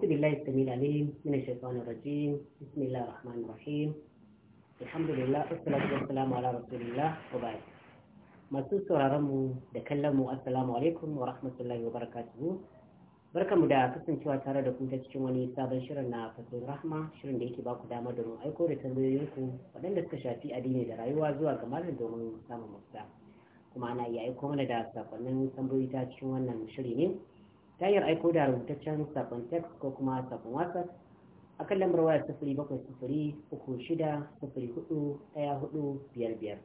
أعوذ بالله masu sauraron mu da kallon mu assalamu alaikum wa rahmatullahi wa barakatuhu barkamu da kasancewa tare da ku ta cikin wani sabon shirin na fasin rahma shirin da yake baku damar domin aiko da tambayoyinku waɗanda suka shafi addini da rayuwa zuwa ga malam domin samun mafita kuma ana iya aiko mana da sakonnin tambayoyi ta cikin wannan shiri ne ta hanyar aiko da rubutaccen sakon text ko kuma sakon whatsapp a kan lambar waya sufuri bakwai sufuri uku shida sufuri hudu ɗaya hudu biyar biyar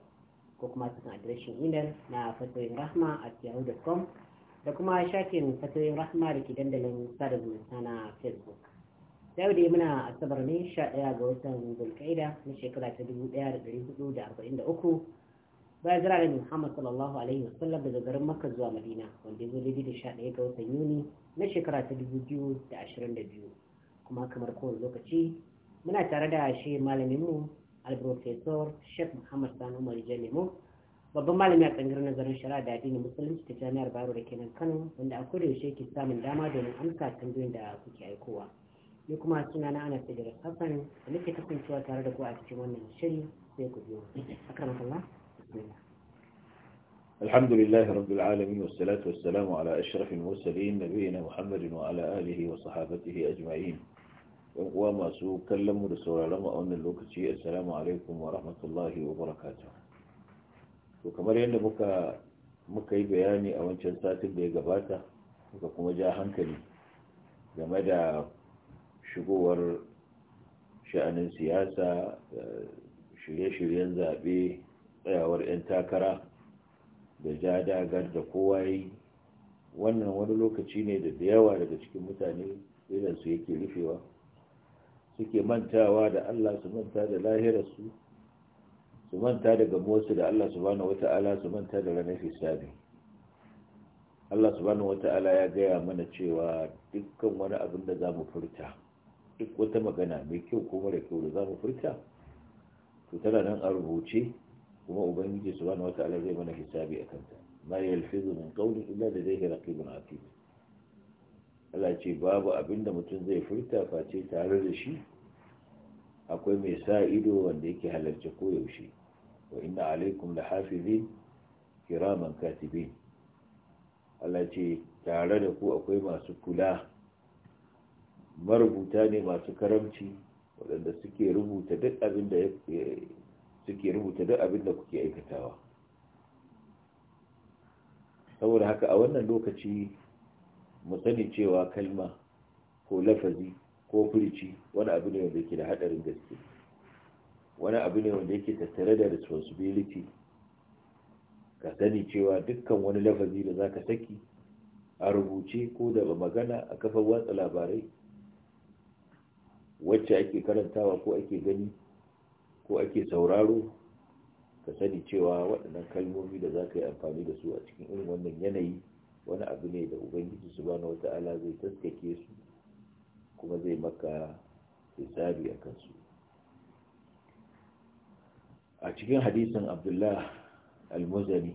ko kuma cikin adireshin imel na fatoyin rahma a yahoo.com da kuma shafin fatoyin rahma da ke dandalin sada zumunta na facebook yau dai muna asabar ne sha ɗaya ga watan zulkaida na shekara ta dubu da da da dari hudu arba'in uku. bayan jira da Muhammad sallallahu alaihi wasallam daga garin Makka zuwa Madina wanda ya zo da sha ɗaya ga watan Yuni na shekara ta dubu biyu da ashirin da biyu kuma kamar kowane lokaci muna tare da shi malaminmu alprofesor shek Muhammad sanu Umar lemo babban malami a tsangar nazarin shari'a da addinin musulunci ta jami'ar Bayero da kenan Kano wanda a kudu yaushe ke samun dama domin amsa tambayoyin da kuke aikowa ni kuma suna na ana da Hassan da nake kasancewa tare da ku a cikin wannan shiri sai ku biyo akramakallah الحمد لله رب العالمين والصلاة والسلام على أشرف المرسلين نبينا محمد وعلى آله وصحابته أجمعين وما سوء كلم رسول الله أن اللوكتي السلام عليكم ورحمة الله وبركاته وكما يند مكا مكا بياني أو أن شنسات بيقباتا وكما جاء هنكلي لما دا شغور sha'anin siyasa shirye-shiryen zaɓe tsayawar 'yan takara da ja dagar da kowa yi wannan wani lokaci ne da da yawa daga cikin mutane su yake rufewa suke mantawa da allah su manta da lahirarsu su manta da gamuwarsu da allah subhanahu wata'ala su manta da ranar hisabi allah subhanahu wata'ala ya gaya mana cewa dukkan wani abin da za mu furta duk wata magana mai kyau ko mara kyau da za mu furta to tana nan a rubuce kuma ubangiji wata ala zai mana hisabi akan ta ma yalfizu min qawli illa ladayhi raqibun atid Allah ce babu abinda mutum zai furta face tare da shi akwai mai sa ido wanda yake halarci ko yaushe. wa inna alaikum hafizin kiraman katibin Allah ce tare da ku akwai masu kula marubuta ne masu karamci waɗanda suke rubuta duk abin da suke rubuta duk abin da kuke aikatawa saboda haka a wannan lokaci mu sani cewa kalma ko lafazi ko furici wani abu ne wanda yake da hadarin gaske wani abu ne wanda yake tattare da responsibility ka sani cewa dukkan wani lafazi da zaka saki a rubuce ko da magana a kafar watsa labarai wacce ake karantawa ko ake gani ko ake sauraro ka sani cewa waɗannan kalmomi da za ka yi amfani da su a cikin irin wannan yanayi wani abu ne da ubangiji su subhanahu wata'ala zai taskake su kuma zai maka hisabi a kansu a cikin hadisin abdullah al-muzani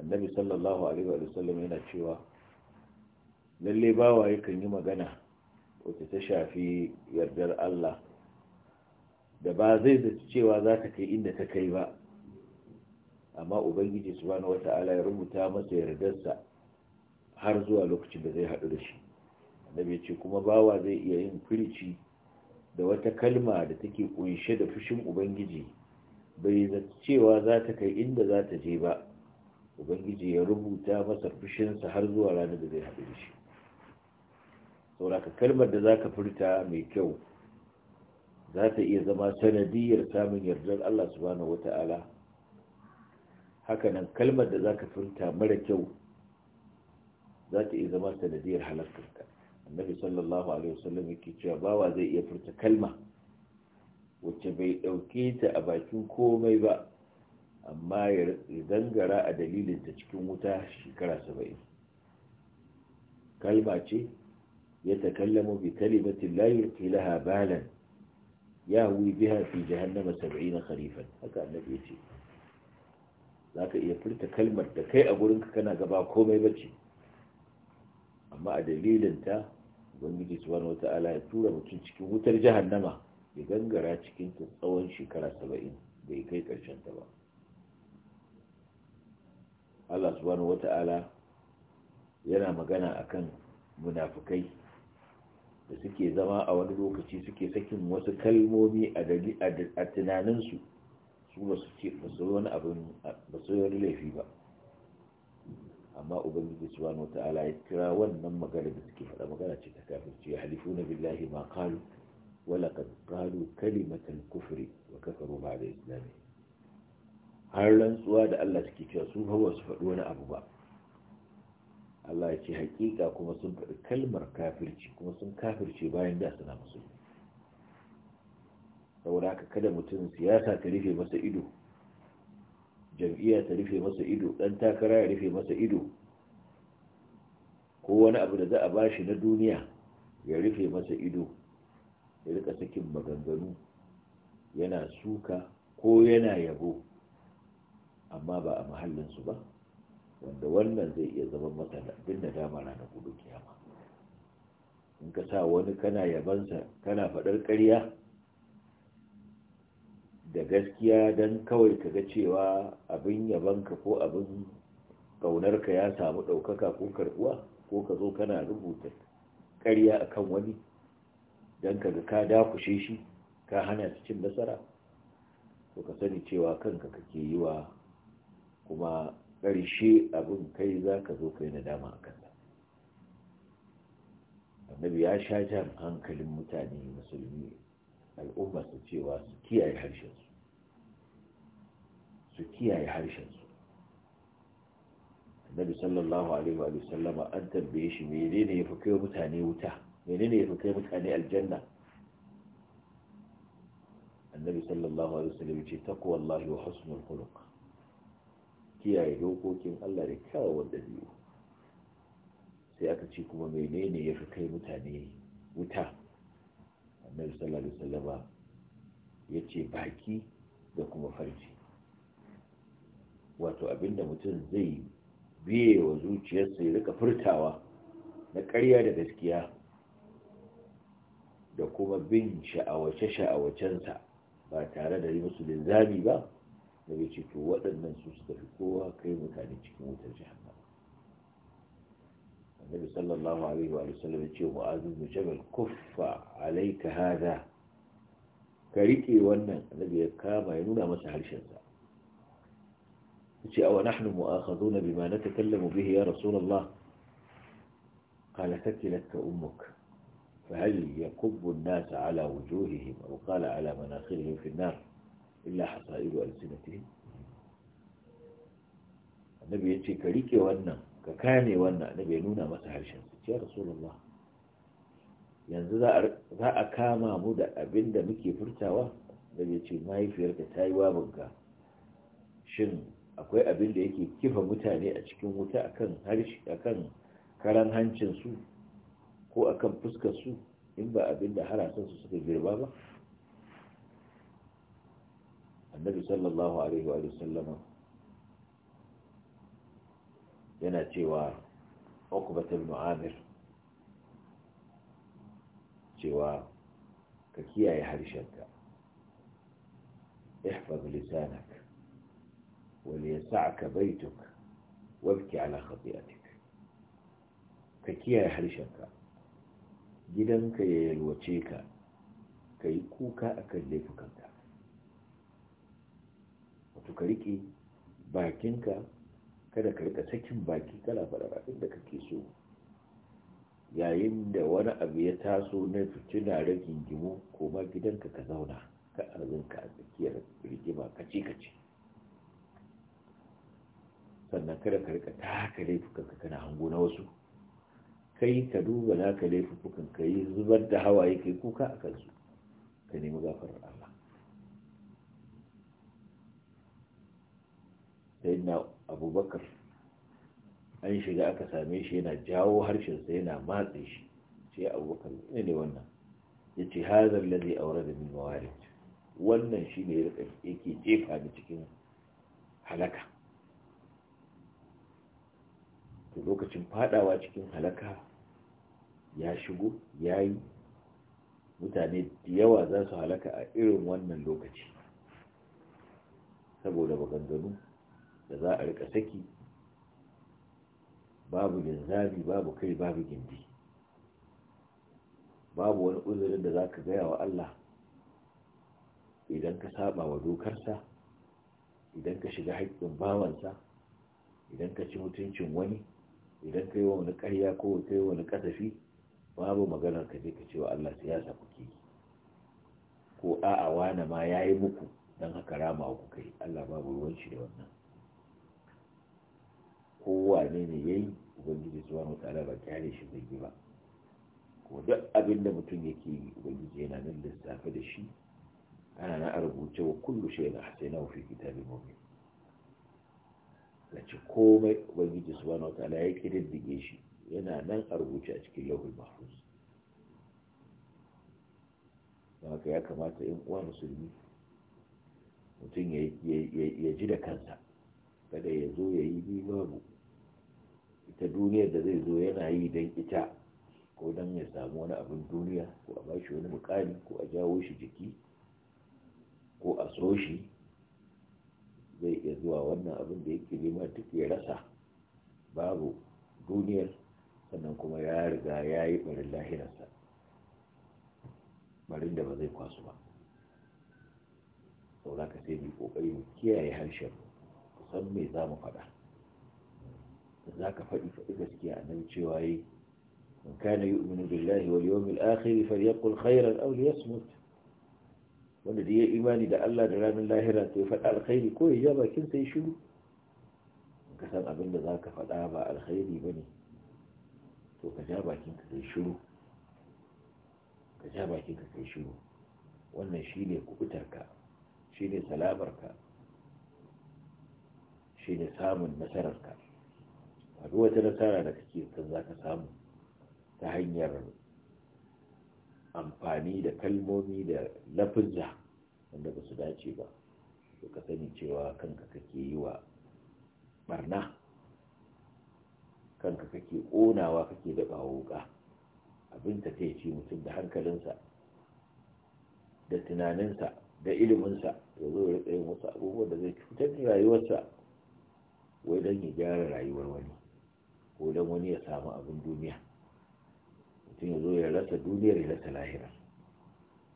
annabi sallallahu alaihi wa sallam yana cewa lalle bawa yakan yi magana wace ta shafi yardar Allah da ba zai zaci cewa za ta kai inda ta kai ba amma ubangiji subhanahu wata'ala ya rubuta masa yardarsa har zuwa lokacin da zai haɗu da shi annabi ce kuma bawa zai iya yin firci da wata kalma da take kunshe da fushin ubangiji bai zaci cewa za ta kai inda za ta je ba ubangiji ya rubuta masa fushinsa har zuwa ranar da zai haɗu da shi sauraka kalmar da za ka furta mai kyau za ta iya zama sanadiyar samun yardar Allah subhanahu ta'ala), hakanan kalmar da za ka furta mara kyau za ta iya zama sanadiyar halartarka annabi sallallahu alaihi wasallam yake cewa bawa zai iya furta kalma wacce bai ɗauke ta a bakin komai ba amma ya zangara a dalilin ta cikin wuta shekara saba'in kalma ce ya takallamu bi kalimatin la yurti laha balan yawi biha fi jahannama 70 kharifan haka annabi ya ce zaka iya furta kalmar da kai a gurin ka kana gaba komai bace amma a dalilin ta ubangiji subhanahu wata'ala ya tura mutum cikin wutar jahannama ya gangara cikin ta tsawon shekara 70 bai kai karshen ta ba Allah subhanahu wata'ala yana magana akan munafukai. da suke zama a wani lokaci suke sakin wasu kalmomi a tunaninsu su ba su wani abin ba su yi laifi ba amma ubangiji wata ala ya kira wannan magana da suke faɗa magana ce ta kafirci ya halifu na billahi ma kalu wa laqad qalu kalimatal kufri wa roma da islami har rantsuwa da Allah suke cewa su ba su faɗi wani abu ba Allah ya ce hakika kuma sun faɗi kalmar kafirci kuma sun kafirce bayan da suna musu saboda haka kada mutum siyasa ta rufe masa ido jam'iyya ta rufe masa ido ɗan takara ya rufe masa ido ko wani abu da za a bashi na duniya ya rufe masa ido ya rika sakin maganganu yana suka ko yana yabo amma ba a mahallinsu ba wanda wannan zai iya zama mata abin da dama ranar gudu kiyama in ka sa wani kana yabansa kana faɗar ƙarya da gaskiya don kawai ka ga cewa abin yabanka ko abin ƙaunarka ya samu ɗaukaka ko karɓuwa ko ka zo kana rubuta ƙarya a kan wani don ka ga ka dakushe shi ka hana su cin nasara to ka sani cewa kanka kake yi wa kuma ƙarshe abin kai za ka zo kai na dama a kansa annabi ya sha jan hankalin mutane musulmi al'umma su cewa su kiyaye harshensu su kiyaye harshensu annabi sallallahu alaihi wa sallama an tambaye shi menene ya fi kai mutane wuta menene ya fi kai mutane aljanna annabi sallallahu alaihi wa sallam ce taqwallahi wa husnul khuluq kiyaye dokokin Allah da kyawawan dabi'u sai aka ce kuma menene ya fi kai mutane wuta annabi sallallahu alaihi wasallama ya ce baki da kuma farji wato abinda mutum zai biye wa zuciyarsa ya rika furtawa na ƙarya da gaskiya da kuma bin sha'awace-sha'awacensa ba tare da musu linzami ba لبی تو وادن من سوس دفکوه کی مکانی چی موتر جهنم النبي صلى الله عليه وآله وسلم يقول معاذ بن جبل كف عليك هذا كريتي ونن النبي كاما ينونا مسح الشنزة يقول أو نحن مؤاخذون بما نتكلم به يا رسول الله قال تكلك أمك فهل يكب الناس على وجوههم أو قال على مناخرهم في النار illa hasairu alsinatihim annabi ya ce ka rike wannan ka kame wannan annabi ya nuna masa harshen su yanzu za a kama mu da abin da muke furtawa da ya ce mahaifiyarka ta yi wabinka shin akwai abin da yake kifa mutane a cikin wuta akan akan karan hancinsu ko akan fuskarsu in ba abin da harasansu suka girba ba annabi sallallahu alaihi wa sallama yana cewa uqbatul mu'amir cewa ka kiyaye harshenka ihfaz lisanak wal yas'aka baytuk wabki ala khati'atik ka kiyaye harshenka gidanka ya yalwace ka ka yi kuka akan laifukanka wato ka riƙe bakinka kada ka riƙa sakin baki kana faɗa abin da kake so yayin da wani abu ya taso na fitina ragin gimo koma gidanka ka zauna ka arzinka a tsakiyar rigima kace kace sannan kada ka rika taka laifukanka kana hango na wasu kai ka duba naka laifukan ka yi zubar da hawaye kai kuka a kansu ka nemi gafarar sayyidina abubakar an shiga aka same shi yana jawo harshensa yana matse shi ce abubakar ne ne wannan ya ce hazar lalle wurin da min wannan shi ne yake jefa da cikin halaka to lokacin fadawa cikin halaka ya shigo ya yi mutane da yawa za su halaka a irin wannan lokaci saboda maganganu da za a rika saki babu zabi babu kai babu gindi babu wani uzurin da za ka gaya wa Allah idan ka saba wa dokarsa idan ka shiga haƙƙin bawansa idan ka ci mutuncin wani idan ka yi wa wani ƙarya ko ka yi wani ƙasafi babu maganar ka je ka ce wa Allah siyasa ki. ko a'a wane ma ya yi muku don haka rama ku kai Allah babu ruwan shi da wannan kowa ne ne ya yi ubangiji su wani ba kyale shi zai yi ba ko duk abin da mutum yake yi ubangiji yana nan lissafi da shi ana na rubuce wa kullu shi na hasai na wufi kitabin mummi da ci komai ubangiji su wani tsara ya kididdige shi yana nan a rubuce a cikin lauhul mahfuz haka ya kamata in uwa musulmi mutum ya ji da kansa kada ya zo ya yi babu ita duniyar da zai zo yana yi don ita ko don ya samu wani abin duniya ko a bashi wani mukami ko a jawo shi jiki ko a so shi zai iya zuwa wannan abin da yake nema duk ya rasa babu duniyar sannan kuma ya riga ya yi barin lahirarsa barin da ba zai kwasu ba za ka sai mai kokari mu kiyaye harshen mu san me za mu faɗa za ka faɗi faɗi gaskiya nan cewa yi in kana yu'minu billahi wal yawmil akhir falyaqul khairan aw liyasmut wanda da ya imani da Allah da ranar lahira to ya faɗa alkhairi ko ya ja bakin sai shiru ka san abin da za ka faɗa ba alkhairi ba ne to ka ja bakin ka kai shiru ka ja bakin ka kai shiru wannan shi ne kubutarka shi ne salamarka shi ne samun nasararka a duk wata nasara da kake kan za ka samu ta hanyar amfani da kalmomi da lafizza wanda ba su dace ba to ka sani cewa kanka kake yi wa barna kanka kake ƙonawa kake daɓa wuƙa abin ta ta ce mutum da hankalinsa da tunaninsa da iliminsa ya zo ya tsaye wasu abubuwan da zai cutar da rayuwarsa wai don ya gyara rayuwar wani ko don wani ya samu abin duniya mutum ya zo ya rasa duniyar ya rasa lahira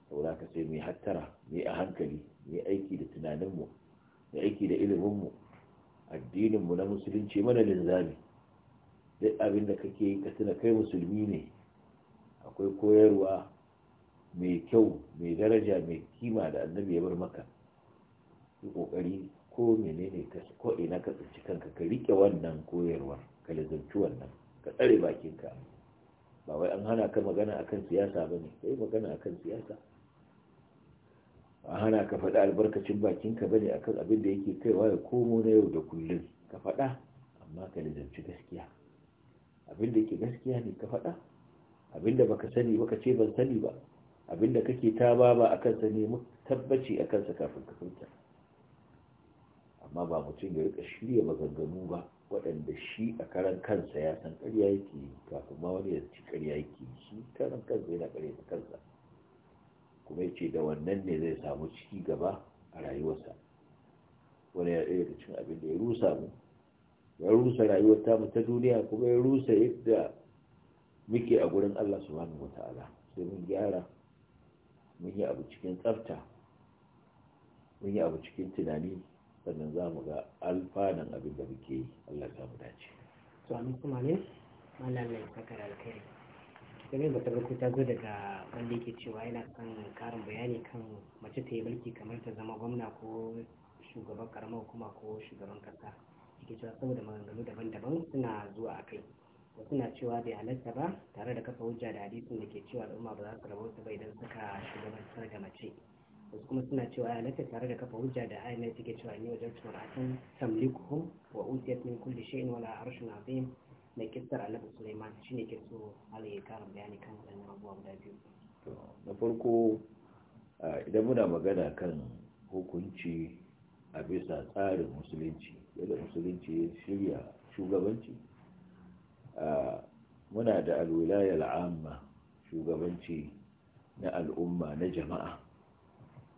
saboda ka sai mai hattara mai a hankali mai aiki da tunaninmu mai aiki da iliminmu addininmu na musulunci mana linzami duk abin da kake yi ka tuna kai musulmi ne akwai koyarwa mai kyau mai daraja mai kima da annabi ya bar maka yi kokari ko menene ko ina ka tsinci kanka ka rike wannan koyarwar ka lazantu wannan ka tsare bakinka ba wai an hana ka magana akan siyasa ba ne yi magana akan siyasa an hana ka faɗa albarkacin bakinka ba ne akan abin da yake kaiwa ya komo na yau da kullum ka faɗa amma ka lazanci gaskiya abin da yake gaskiya ne ka faɗa abin da baka sani baka ce ban sani ba abin da kake ta ba ba akan sa ne tabbaci akan sa kafin ka furta amma ba mutum ya rika shirya maganganu ba waɗanda shi a karan kansa ya san ƙarya yake yi kafin ma wani ya ci ƙarya yake yi shi karan kansa yana ƙarya ta kansa kuma ya ce da wannan ne zai samu ciki gaba a rayuwarsa wani ya ɗaya da cin abin da ya rusa mu ya rusa rayuwar tamu ta duniya kuma ya rusa yadda muke a gurin Allah subhanahu wata'ala sai mun gyara mun yi abu cikin tsafta mun yi abu cikin tunani sannan za mu ga alfanan abin da muke yi Allah ta mu dace to amin kuma ne malam mai sakar alkhairi game da tabbata ta zo daga wanda yake cewa yana son karin bayani kan mace ta yi mulki kamar ta zama gwamna ko shugaban karamar hukuma ko shugaban kasa yake cewa saboda maganganu daban-daban suna zuwa a kai wasu na cewa bai halarta ba tare da kafa hujja da hadisin da ke cewa al'umma ba za su rabauta ba idan suka shugabantar da mace wasu kuma suna cewa ya nake tare da kafa hujja da ayin nan suke cewa ni wajen tumaratan tamliku wa usiyat min kulli shay'in wala arshun azim na kistar annabi Sulaiman shine ke so Allah ya karin bayani kan wannan abuwa guda biyu to farko idan muna magana kan hukunci a bisa tsarin musulunci yadda musulunci ya shirya shugabanci muna da alwilayar amma shugabanci na al'umma na jama'a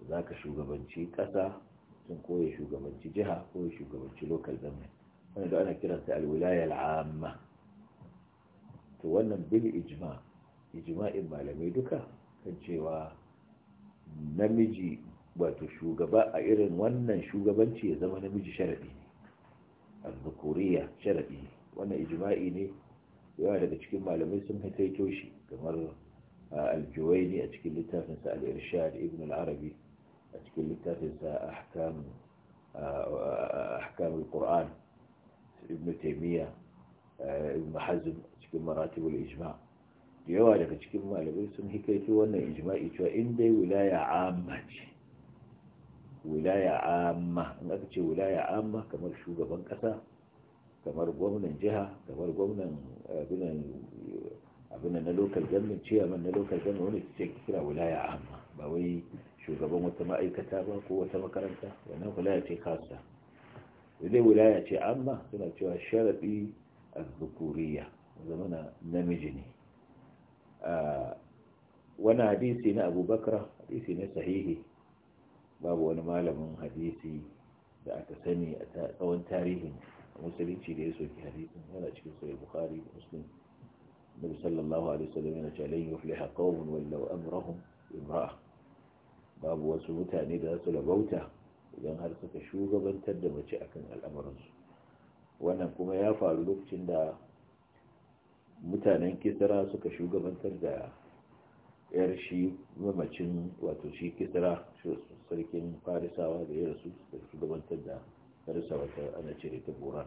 za ka shugabanci ƙasa sun koya shugabanci jiha ko ya shugabanci lokal government wani da ana kiransa alwilaya al'amma to wannan bil ijma ijma'in malamai duka kan cewa namiji wato shugaba a irin wannan shugabanci ya zama namiji sharaɗi ne sharaɗi ne wannan ijma'i ne yawa daga cikin malamai sun haitaito shi kamar ah, al ne a cikin littafinsa al-irshad ibn al-arabi اللي تدرس أحكام آه، أحكام القرآن ابن تيمية آه، ابن حزم شكل مراتب الإجماع يوارد شكل ما لبي سن هي وانا إجماع شو عندي ولاية عامة ولاية عامة ما كتشي ولاية عامة كما شو جبان كسا كما ربوا جهة كما ربوا من ابن ابن نلوك الجمل شيء من نلوك الجمل هون تشكل ولاية عامة بوي shugaban wata ma'aikata ba ko wata makaranta wannan wilaya ce khassa dai wilaya ce amma suna cewa sharaɗi a zukuriyya zamana namiji ne wani hadisi na abubakar hadisi na sahihi babu wani malamin hadisi da aka sani a tsawon tarihin musulunci da ya soki hadisin yana cikin sahih bukhari muslim nabi sallallahu alaihi wasallam yana cewa lan yufliha qaumun wallaw amrahum imra'a babu wasu mutane da su labauta idan har suka shugabantar da mace akan al'amuransu wannan kuma ya faru lokacin da mutanen kisira suka shugabantar da yar shi mamacin wato shi kisra sarkin farisawa da ya rasu suka shugabantar da farisawa ta ana cire ta buran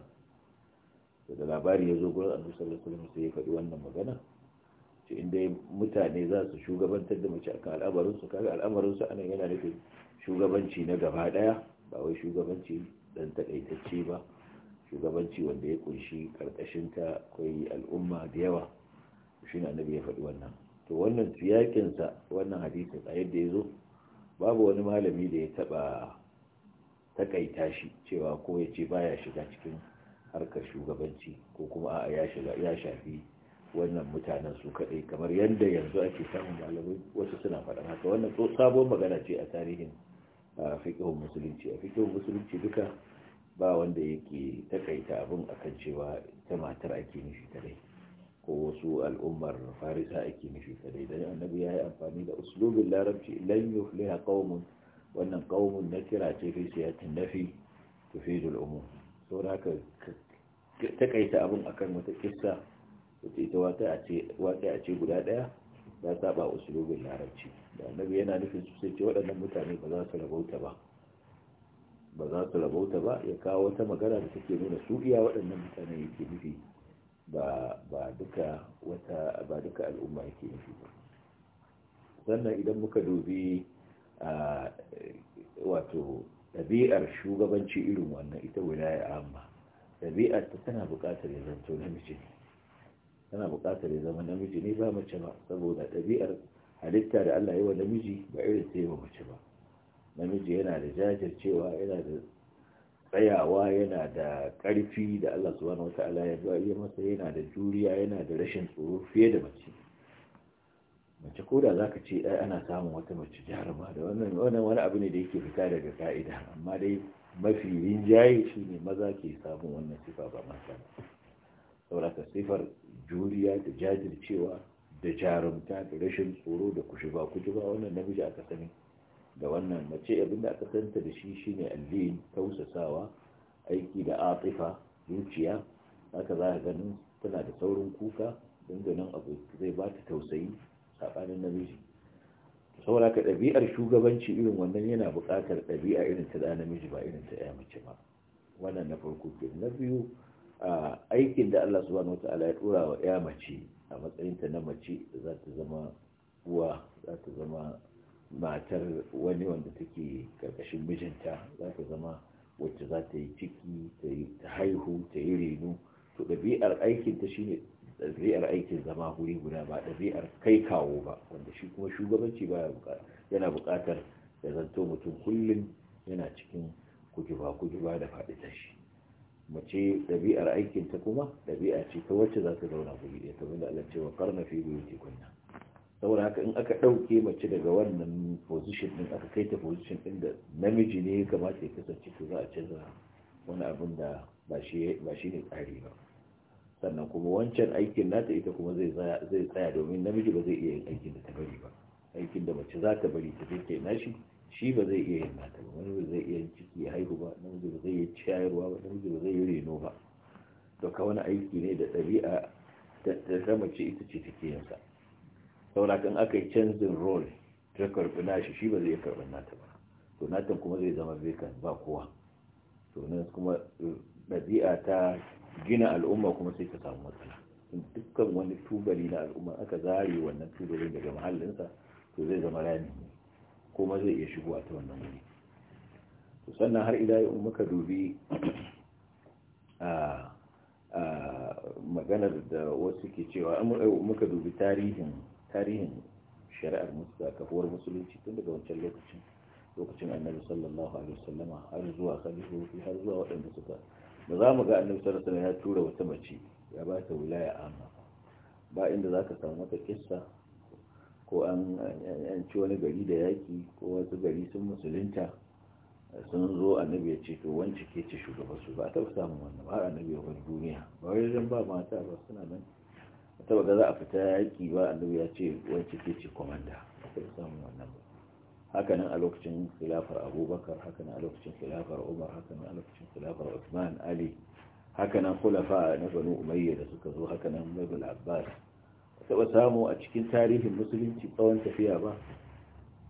da labari ya zo gurin a sallallahu alaihi sai ya faɗi wannan magana in inda mutane za su shugabantar da mace akan al'amarinsu kaga al'amarinsu anan yana nufin shugabanci na gaba daya ba wai shugabanci dan takaitacce ba shugabanci wanda ya kunshi karkashin ta akwai al'umma da yawa shi ne annabi ya faɗi wannan to wannan tiyakin sa wannan hadisi a yadda ya zo babu wani malami da ya taba takaita shi cewa ko ya ce baya shiga cikin harkar shugabanci ko kuma a'a ya shiga ya shafi wannan mutanen su kaɗai kamar yadda yanzu ake samun malamai wasu suna faɗin haka wannan sabon magana ce a tarihin fikihun musulunci a fikihun musulunci duka ba wanda yake takaita abin kan cewa ta matar ake nufi dai ko wasu al'ummar farisa ake nufi dai dan annabi ya yi amfani da uslubin larabci lan yufliha qaumun wannan qaumun na kira ce fi siyatin nafi tufidul umum saboda haka takaita abin akan wata kissa wata ita wata a ce guda ɗaya ya saba usulubin larabci da annabi yana nufin su ce waɗannan mutane ba za su rabauta ba ba za su rabauta ba ya kawo wata magana da take nuna su iya waɗannan mutane yake nufi ba duka al'umma ya ke al'umma yake nufi ba sannan idan muka dubi a wato ɗabi'ar shugabanci irin wannan ita wilaya amma ɗabi'ar ta tana buƙatar yanzu tunanin namiji tana buƙatar ya zama namiji ne ba mace ba saboda ɗabi'ar halitta da Allah yi wa namiji ba irin sai ba mace ba namiji yana da jajircewa yana da tsayawa yana da ƙarfi da Allah subhanahu wata'ala ya ba iya masa yana da juriya yana da rashin tsoro fiye da mace mace ko da zaka ce ai ana samun wata mace jaruma da wannan wannan wani abu ne da yake fita daga ka'ida amma dai mafi rinjaye shine maza ke samun wannan sifa ba mata saboda sifar juriya da jajircewa da jarumta da rashin tsoro da kushi ba kuji ba wannan namiji aka sani da wannan mace da aka santa da shi shine allin tausasawa aiki da atifa zuciya haka za ka ganin tana da saurin kuka danganin abu zai ba ta tausayi saɓanin namiji saboda ka ɗabi'ar shugabanci irin wannan yana buƙatar ɗabi'a irin ta da namiji ba irin ta ya mace ba wannan na farko ke na biyu aikin da Allah subhanahu wata'ala ya dora wa ya mace a matsayinta na mace za ta zama uwa za ta zama matar wani wanda take karkashin mijinta za ta zama wacce za ta yi ciki ta haihu ta yi reno to ɗabi'ar aikin ta shine ɗabi'ar aikin zama guri guda ba ɗabi'ar kai kawo ba wanda shi kuma shugabanci ba yana buƙatar ya zanto mutum kullum yana cikin kujuba kujuba da faɗi tashi mace ɗabi'ar aikin ta kuma ɗabi'a ce ta wacce za ta zauna ku ɗaya ta wanda Allah cewa karna fi biyu ce kunna saboda haka in aka ɗauke mace daga wannan position ɗin aka kai ta position ɗin da namiji ne ya kamata ya kasance to za a canza wani abin da ba shi ne tsari ba sannan kuma wancan aikin nata ita kuma zai tsaya domin namiji ba zai iya yin aikin da ta bari ba aikin da mace za ta bari ta je ta yi nashi shi ba zai iya yin mata ba namiji ba zai iya yin ciki ya haihu ba namiji ba zai iya ciyarwa ba namiji ba zai yi reno ba to ka wani aiki ne da ɗabi'a da ta mace ita ce take yin sa saboda kan aka yi canjin role ta karɓi nashi shi ba zai iya karɓi nata ba to natan kuma zai zama bekan ba kowa to nan kuma eh, ɗabi'a ta gina al'umma kuma sai ta samu matsala dukkan wani tubali na al'umma aka zare wannan tubalin daga mahallinsa to zai zama rami kuma zai iya shigo a ta wannan wuri sannan har idan yau muka dubi a maganar da wasu ke cewa muka dubi tarihin tarihin shari'ar kafuwar musulunci tun daga wancan lokacin lokacin annabi sallallahu alaihi wasallam har zuwa fi har zuwa waɗanda suka da za mu ga annabi sallallahu alaihi wasallam ya tura wata mace ya ba ta wilaya amma ba inda zaka samu wata kissa ko an ci wani gari da yaki ko wasu gari sun musulunta sun zo annabi ya ce to wance ke ce shugaban su ba fi samun wannan har annabi ya bar duniya ba wai zan ba mata ba suna nan ta ga za a fita yaki ba annabi ya ce wance ke ce komanda ta fi samun wannan ba hakanan a lokacin khilafar abubakar hakanan a lokacin khilafar umar hakanan a lokacin khilafar usman ali hakanan kulafa na banu umayya da suka zo hakanan mabul abbas taɓa samu a cikin tarihin musulunci tsawon tafiya ba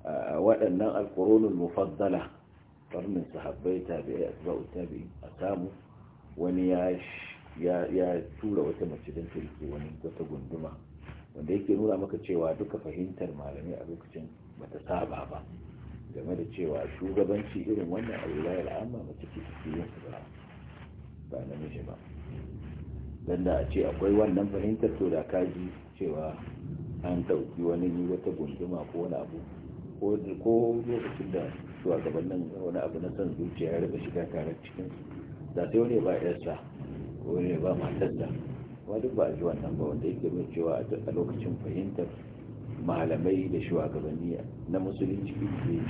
a waɗannan alƙuronin mufaddala ƙarnin sahabbai tabi'ai asba'u tabi'in a samu wani ya tura wata mace don ta wani wata gunduma wanda yake nuna maka cewa duka fahimtar malamai a lokacin bata saba ba game da cewa shugabanci irin wannan a wilayar amma mace ke cikin su ba namiji ba dan da a ce akwai wannan fahimtar to da kaji cewa an ɗauki wani wata gunduma ko wani abu ko lokacin da shugabannin wani abu na son zuciya ya rika shiga tare cikin da sai wani ba yarsa ko wani ba matarsa kuma duk ba a ji wannan ba wanda yake mai cewa a lokacin fahimtar malamai da shugabanni na musulunci ne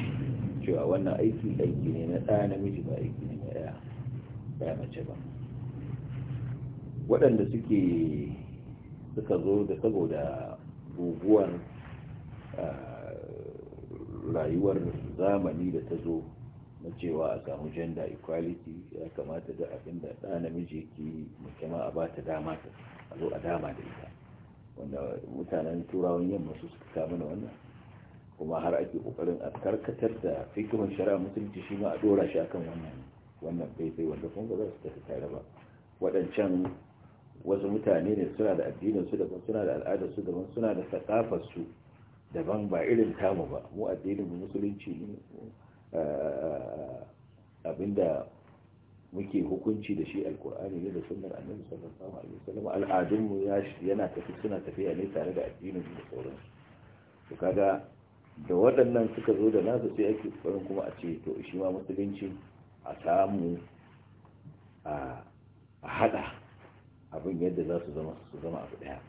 cewa wannan aiki aiki ne na ɗaya namiji ba aiki ne na ɗaya mace ba waɗanda suke suka zo da saboda guguwar ah, rayuwar zamani da ta zo na cewa a samu gender equality ya kamata da abin da ɗa namiji ke mace ma a bata dama ta a zo a dama da ita wanda mutanen turawan yamma su suka samu na wannan kuma har ake kokarin a karkatar da fikirin shari'a mutunci shi ma a dora shi akan wannan wannan faifai wanda kuma ba za su tafi tare ba waɗancan wasu mutane ne suna da addinin daban suna da al'adar su daban suna da sakafar su daban ba irin tamu ba mu addinin musulunci abinda muke hukunci da shi alkur'ani ne da sunnar annabi sallallahu alaihi wasallam al'adunmu yana tafi suna tafiya ne tare da addinin da sauran to kaga da waɗannan suka zo da nasu sai ake kokarin kuma a ce to shi ma musulunci a samu a hada abin yadda za su zama su zama abu daya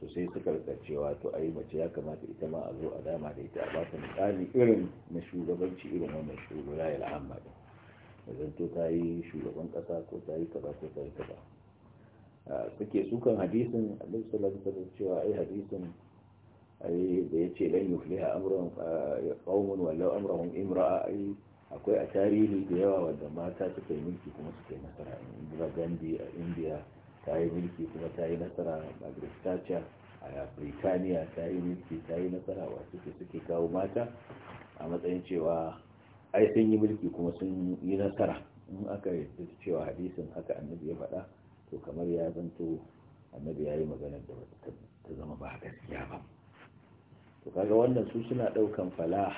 to sai suka rika cewa to ai mace ya kamata ita ma a zo a dama da ita a ba ta misali irin na shugabanci irin wannan shugaba ya al'amma da wajen to ta yi shugaban ƙasa ko ta yi kaza ko ta yi kaza suke sukan hadisin da salatu wasallam cewa ai hadisin ai da ya yace lan yufliha amrun qaumun wallau amrahum imra'a ai akwai a tarihi da yawa wanda mata suka yi mulki kuma suka yi nasara a gandi a india ta yi mulki kuma ta yi nasara a Gristacha a Birtaniya ta yi mulki ta yi nasara wa suke suke kawo mata a matsayin cewa ai sun yi mulki kuma sun yi nasara in aka yi cewa hadisin haka annabi ya faɗa to kamar ya zanto annabi ya yi maganar da ta zama ba gaskiya ba to kaga wannan su suna ɗaukan fala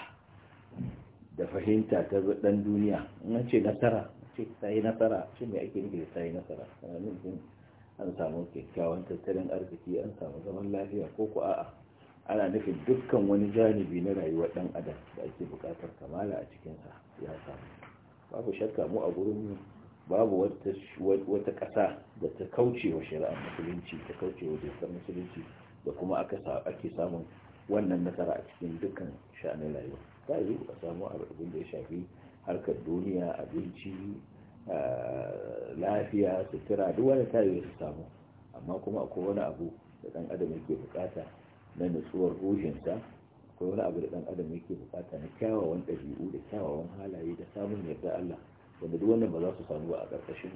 da fahimta ta ɗan duniya in ce nasara ce ta yi nasara shi mai ake nufi da ta yi nasara an samu kyakkyawan tattalin arziki an samu zaman lafiya ko ku a'a ana nufin dukkan wani janibi na rayuwar dan adam da ake bukatar kamala a cikinsa ya samu babu shakka mu a gurin mu babu wata ƙasa da ta kauce wa shari'ar musulunci ta kauce wa dokar musulunci da kuma ake samun wannan nasara a cikin dukkan sha'anin rayuwa ta yi a samu abin da ya shafi harkar duniya abinci Eh, lafiya sutura duk wani tayi su samu amma kuma akwai wani abu da dan adam yake bukata na nutsuwar ruhinsa akwai wani abu da dan adam yake bukata na kyawawan ɗabi'u da kyawawan halaye da samun yarda Allah wanda duk wannan ba za su samu a ƙarƙashin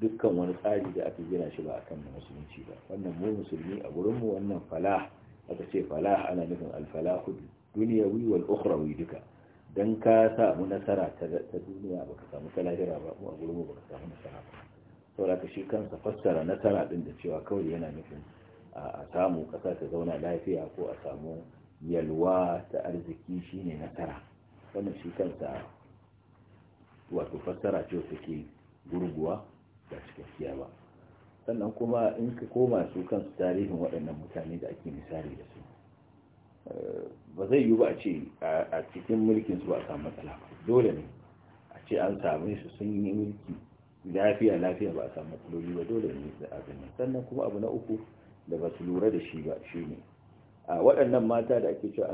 dukkan wani tsari da aka gina shi ba a kan musulunci ba wannan mu musulmi a gurinmu wannan falah aka ce falah ana nufin alfalahu duniyawi wal ukhrawi duka don ka samu nasara ta duniya baka samu ta lahira ba ko a gurin baka samu nasara ba da ka shi kansa fassara nasara din da cewa kawai yana nufin a samu kasa ta zauna lafiya ko a samu yalwa ta arziki shine nasara wannan shi kansa wato fassara ce ke gurguwa ga cikakkiya ba sannan kuma in ka koma su kansu tarihin waɗannan mutane da ake misali da su ba zai yi ba a ce a cikin mulkin su ba a samu matsala ba dole ne a ce an samu su sun yi mulki lafiya lafiya ba a samu matsaloli ba dole ne da abin sannan kuma abu na uku da ba su lura da shi ba shi ne a waɗannan mata da ake cewa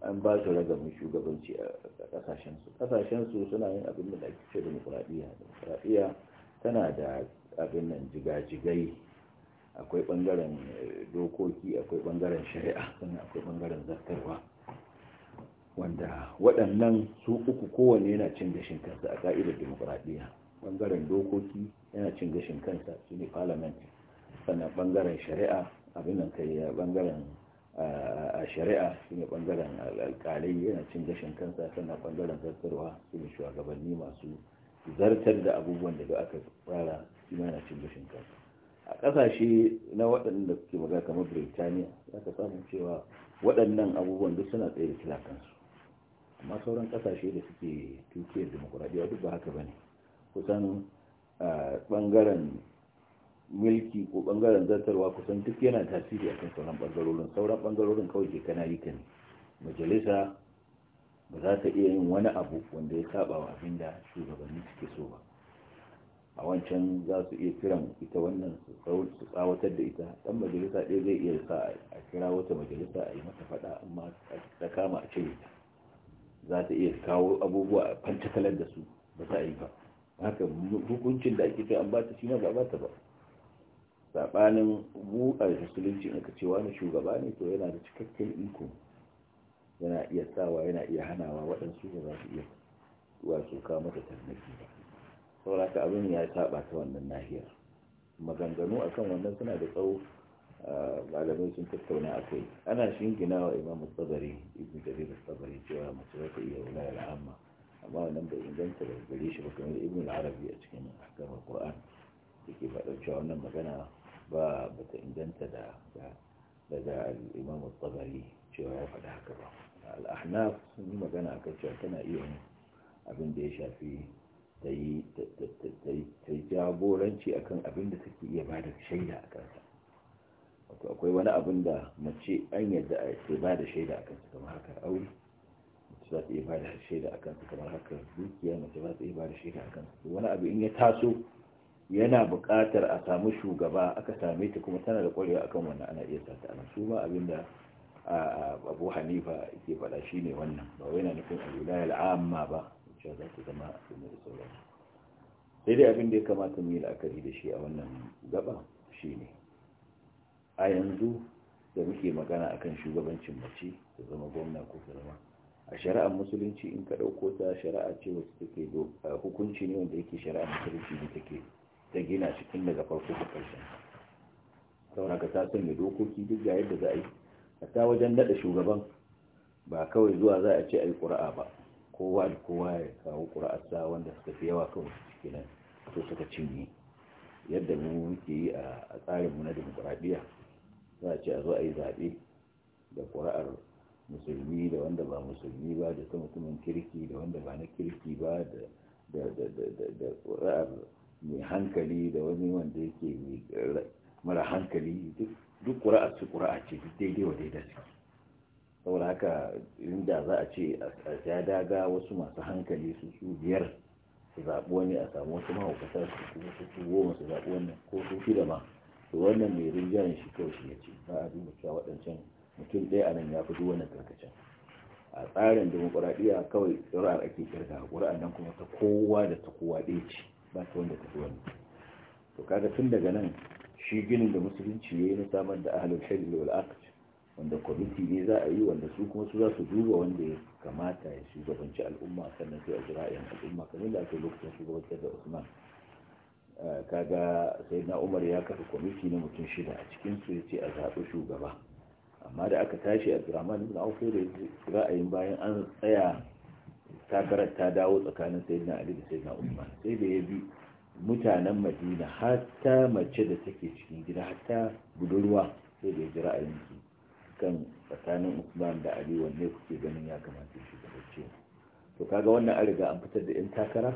an ba su ragamin shugabanci a ƙasashen su ƙasashen su suna yin abin da ake cewa demokuraɗiyya demokuraɗiyya tana da abin nan jigajigai akwai bangaren eh, dokoki akwai bangaren shari'a sannan akwai bangaren zartarwa wanda waɗannan su uku kowane yana cin gashin kansa a ka'idar demokuraɗiyya bangaren dokoki yana cin gashin kansa su ne parliament sannan bangaren shari'a abin nan kai bangaren eh, a shari'a su ne bangaren alkalai yana cin gashin kansa sannan bangaren zartarwa su ne shugabanni masu zartar da abubuwan da aka fara shi yana cin gashin kansa a ƙasashe na waɗanda suke magana kamar birtaniya za ka samu cewa waɗannan abubuwan duk suna tsaye da tilakansu amma sauran ƙasashe da suke da demokuraɗiyya duk ba haka ba ne kusan ɓangaren milki ko ɓangaren zartarwa kusan duk yana tasiri a kan sauran ɓangarorin sauran ɓangarorin kawai ke kana yi ne majalisa ba za ta iya yin wani abu wanda ya saba wa abin da shugabanni suke so ba a wancan za su iya kiran ita wannan su tsawatar da ita dan majalisa ɗaya zai iya sa a kira wata majalisa a yi mata faɗa amma ta kama a ce za ta iya kawo abubuwa a fantakalar da su ba ta yi ba haka hukuncin da ake an ba ta shi ma ba ba ta ba saɓanin buɗar musulunci aka ce na shugaba ne to yana da cikakken iko yana iya sawa yana iya hanawa waɗansu ba za su iya wasu kawo mata tarnaki ba sauraka abin ya saba ta wannan nahiyar maganganu a kan wannan suna da tsawo malamai sun tattauna a kai ana shingina wa imamu tsabari da jarir tsabari cewa mace za ta iya wula al'amma amma wannan bai inganta da gari shi ba kamar da arabi a cikin ahkamar qur'an yake faɗa cewa wannan magana ba ba ta inganta da daga imamu tsabari cewa ya faɗa haka ba al sun yi magana akan cewa tana iya abin da ya shafi ta yi jagoranci akan abin da suke iya ba da shaida a kansa wato akwai wani abin da mace an yadda a yi ba da shaida a kansa kamar haka aure mace za ta iya ba da shaida a kansa kamar haka dukiya mace za ta iya ba da shaida a kansa wani abu in ya taso yana buƙatar a samu shugaba aka same ta kuma tana da ƙwarewa akan wannan ana iya ta, ana su ma abin da abu hanifa ke faɗa shine wannan ba wai yana nufin alwilaya al'amma ba cewa za ta zama al'umma da sauransu sai dai abin da ya kamata mu yi la'akari da shi a wannan gaba shi ne a yanzu da muke magana a kan shugabancin mace da zama gwamna ko zama a shari'ar musulunci in ka ɗauko ta shari'a ce wasu take hukunci ne wanda yake shari'ar musulunci ne take ta gina cikin daga farko ta ƙarshen saboda ka ta sanya dokoki duk ga yadda za a yi a ta wajen daɗa shugaban ba kawai zuwa za a ce a yi ƙura'a ba kowa da kowa ya kawo ƙura'arsa wanda suka fi yawa kawai nan to suka cinye yadda mu ke yi a tsarinmu na demokuraɗiyya za a ce a zo a yi zaɓe da ƙura'ar musulmi da wanda ba musulmi ba da ta mutumin kirki da wanda ba na kirki ba da ƙura'ar mai hankali da wani wanda yake mara hankali duk ƙura'ar su ƙura'a ce duk daidai wa daidai saboda haka inda za a ce a ya daga wasu masu hankali su su biyar su zaɓi wani a samu wasu mahaukata su su su goma su zaɓi wannan ko su da ma to wannan mai rinjayen shi kawai shi ya ce ba a duba cewa waɗancan mutum ɗaya a nan ya fi duwa wannan karkacin a tsarin demokuraɗiyya kawai ƙuri'ar ake kirga ƙuri'ar nan kuma ta kowa da ta kowa ɗaya ce ba ta wanda ta fi wani to kaga tun daga nan shi ginin da musulunci ya yi na samar da ahalul shari'a da aqd wanda kwamiti ne za a yi wanda su kuma su za su duba wanda ya kamata ya shugabanci al'umma sannan sai a jira yan al'umma kamar da aka yi lokacin shugabanci da usman eh, kaga sai na umar ya kafa kwamiti na mutum shida a cikin su ya ce a zaɓi shugaba amma da aka tashi a jira, man na auku da ra'ayin bayan an tsaya takarar ta dawo tsakanin sai na ali da sai na umar sai da ya bi mutanen madina hatta mace da take cikin gida hatta budurwa sai da ya ji ra'ayin su kan tsakanin usman da ali wanne kuke ganin ya kamata shi da bacci to kaga wannan an riga an fitar da yan takara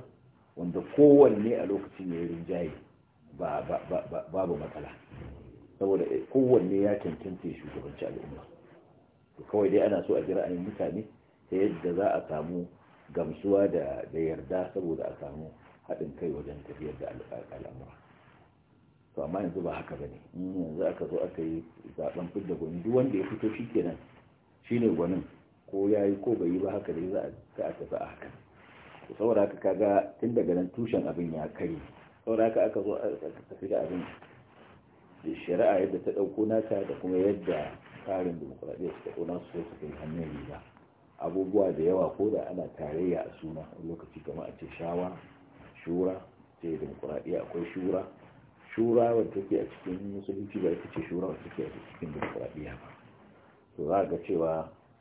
wanda kowanne a lokacin ya yi rinjaye babu matsala saboda eh, kowanne ya cancanta shugabanci al'umma to kawai dai ana so a ji ra'ayin mutane ta yadda za a samu gamsuwa da yarda saboda a samu haɗin kai wajen tafiyar da al'amura to amma yanzu ba haka bane in yanzu aka zo aka yi zaben fidda gwani duk wanda ya fito shi kenan shine gwanin ko ya ko bai yi ba haka dai za a ka a tafi haka to saboda haka kaga tun daga nan tushen abin ya kare saboda haka aka zo aka tafi da abin da shari'a yadda ta ɗauko nata da kuma yadda tsarin demokradiya suka dauko nasu sai suka kai hannun riga abubuwa da yawa ko da ana tarayya a suna lokaci kamar a ce shawa shura ce demokradiya akwai shura shura wadda ke a cikin musulunci ba ita ce shura wadda ke a cikin demokuraɗiyya ba to za ga cewa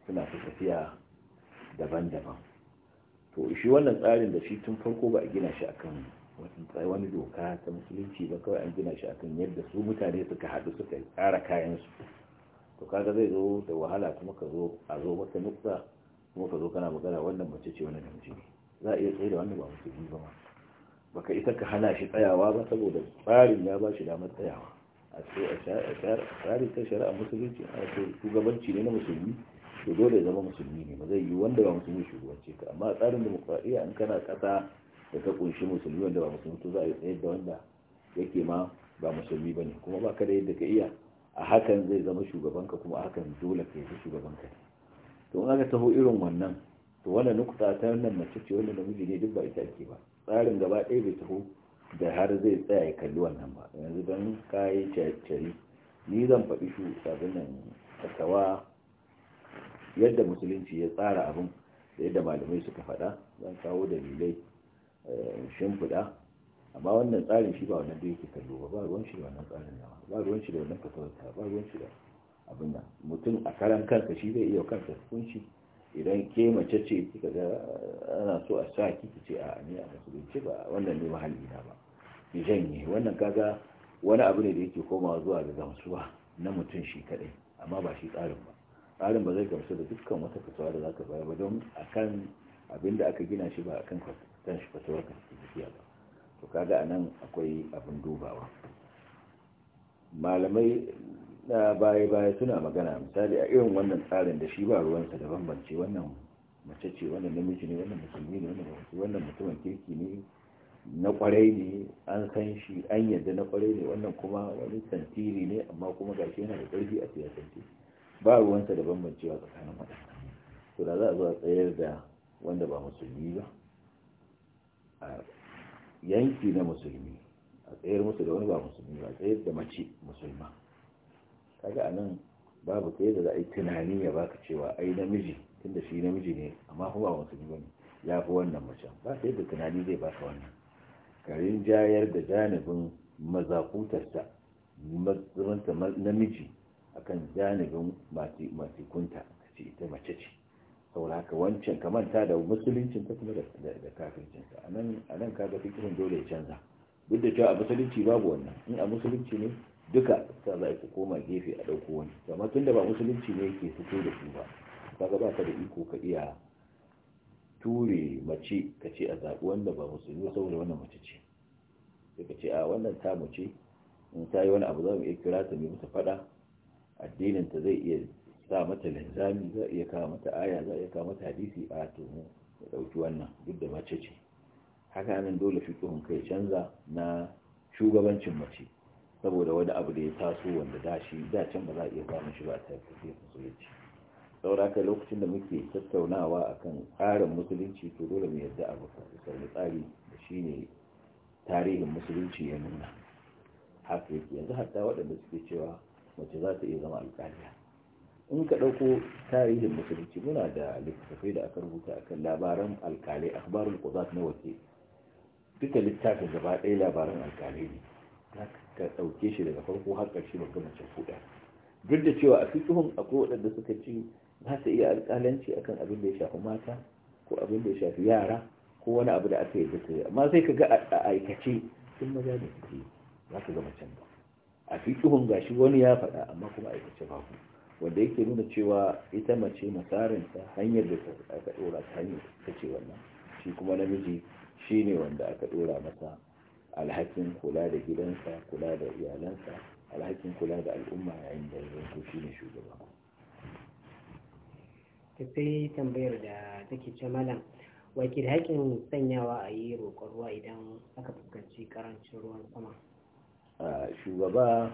suna ta tafiya daban-daban to shi wannan tsarin da shi tun farko ba a gina shi akan wani doka ta musulunci ba kawai an gina shi akan yadda su mutane suka haɗu suka tsara kayansu to kaga zai zo da wahala kuma ka zo a zo wata nukta kuma ka zo kana magana wannan mace ce wannan da ne za a iya tsaye da wannan ba musulmi ba ma baka ita ka hana shi tsayawa ba saboda tsarin ya ba shi damar tsayawa a a tsarin ta shari'a musulunci a ce shugabanci ne na musulmi to dole ya zama musulmi ne ba zai yi wanda ba musulmi shugabanci ka amma a tsarin demokradiyya in kana kasa da ka kunshi musulmi wanda ba musulmi to za a yi tsayar da wanda yake ma ba musulmi ba ne kuma ba ka da yadda ka iya a hakan zai zama shugabanka kuma a hakan dole ka yi shugabanka ne to in aka taho irin wannan to wannan nukuta ta wannan mace ce wannan namiji ne duk ba ita ake ba tsarin gaba ɗaya bai taho da har zai tsaya ya kalli wannan ba yanzu don kayi cari ni zan faɗi shi abin nan kasawa yadda musulunci ya tsara abin da yadda malamai suka faɗa zan kawo dalilai eh, shimfiɗa amma wannan tsarin shi ba wannan da yake kallo ba ba ruwan shi da wannan tsarin nawa ba ruwan shi da wannan kasawarsa ba ruwan shi da abin nan mutum a karan kansa shi zai iya kansa hukunci idan ke mace ce kika ga ana so a sa kiki ce a ni a musulunci ba wannan ne mahalli na ba ki janye wannan kaga wani abu ne da yake komawa zuwa ga gamsuwa na mutum shi kadai amma ba shi tsarin ba tsarin ba zai gamsu da dukkan wata fitowa da zaka bayar ba don akan abin da aka gina shi ba akan kan shi fitowar ka cikin tafiya ba to kaga anan akwai abin dubawa malamai da baya-baya suna magana misali a irin wannan tsarin da shi ba ruwansa da bambance wannan mace ce wannan namiji ne wannan musulmi ne wannan mutumin kirki ne na kwarai ne an san shi an yadda na kwarai ne wannan kuma wani santiri ne amma kuma gashi yana da ƙarfi a siyasance ba ruwansa da wa tsakanin waɗanda to da za a zo a tsayar da wanda ba musulmi ba a yanki na musulmi a tsayar musu da wani ba musulmi ba a tsayar da mace musulma kaga anan babu ta da za a yi tunani ya baka cewa ai namiji tunda shi namiji ne amma kuma ba musulmi bane ya fi wannan macen ba sai da tunani zai baka wannan karin jayar da janibin mazakutarsa mazumanta namiji akan janibin matikunta ta ce ita mace ce saboda haka wancan manta da musuluncin ta kuma da kafircinsa a nan kaga fikirin dole ya canza duk da cewa a musulunci babu wannan in a musulunci ne duka ta za ku koma gefe a ɗauko wani amma tun da ba musulunci ne yake fito da su ba kaga ba ka da iko ka iya ture mace ka ce a zaɓi wanda ba musulmi saboda wannan mace ce sai ka ce a wannan ta mace in ta yi wani abu za mu iya kira ta mai mata faɗa addinin ta zai iya sa mata linzami za iya kawo mata aya za iya kawo mata hadisi a to mu ɗauki wannan duk da mace ce haka nan dole fiƙihun kai canza na shugabancin mace saboda wani abu da ya taso wanda da shi da can ba za a iya samun shi ba ta tafiya musulunci sauraka lokacin da muke tattaunawa akan tsarin musulunci to dole mu yadda abu sauri tsari da shi ne tarihin musulunci ya nuna haka yake yanzu hatta waɗanda suke cewa mace za ta iya zama alƙaliya in ka ɗauko tarihin musulunci muna da littattafai da aka rubuta akan labaran alƙalai akhbarul quddat na waje duka littafin gaba ɗaya labaran alƙalai ne ka ɗauke shi daga farko har karshe ba gama cakuɗa duk da cewa a fikihun akwai waɗanda suka ci za su iya alƙalanci akan abin da ya shafi mata ko abin da ya shafi yara ko wani abu da aka yi ta yi amma sai ka ga a aikace sun maza da suke za ka gama can ba a fikihun gashi wani ya faɗa amma kuma aikace ba ku wanda yake nuna cewa ita mace ta hanyar da aka ɗora ta hanyar ta ce wannan shi kuma namiji shi ne wanda aka ɗora masa alhakin kula da gidansa kula da iyalansa alhakin kula da al'umma yayin da ya shi ne shugaba sai tambayar da take ce malam wakil haƙin sanyawa a yi roƙon ruwa idan aka fuskanci karancin ruwan sama shugaba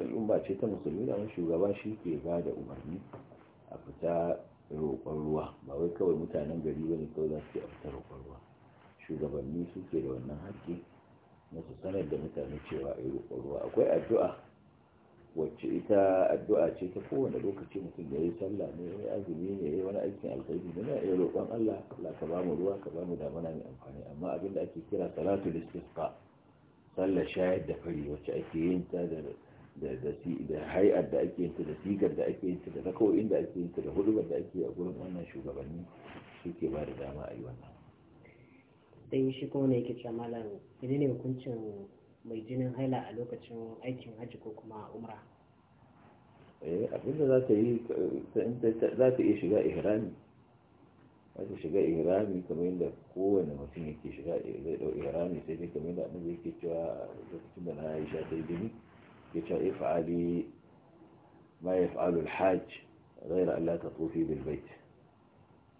al'umma ce ta musulmi da shugaba shi ke ba da umarni a fita roƙon ruwa ba wai kawai mutanen gari wani kawai za su ke a fita roƙon ruwa shugabanni suke da wannan haƙƙi na sanar da mutane cewa a yi ruwa akwai addu'a wacce ita addu'a ce ta kowane lokaci mutum ya yi sallah ne ya yi azumi ne ya yi wani aikin alkhairi ne na iya roƙon Allah Allah ka bamu ruwa ka bamu damana mai amfani amma abin da ake kira salatu istisqa sallar shayar da fari wacce ake yin ta da da hai'ar da ake yin ta da sigar da ake yin ta da rakawoyin da ake yin ta da hudubar da ake yi a gurin wannan shugabanni suke ba da dama a yi wannan sai shi kuma ne yake cewa malam idan ne hukuncin mai jinin haila a lokacin aikin hajji ko kuma umra eh, abinda za ta yi za ta iya shiga ihrami za ta shiga ihrami kamar yadda kowane mutum yake shiga zai dau ihrami sai dai kamar yadda abin da yake cewa lokacin da na yi sha sai jini ke cewa ya fa'ali ma ya fa'alul hajj غير أن لا تطوفي بالبيت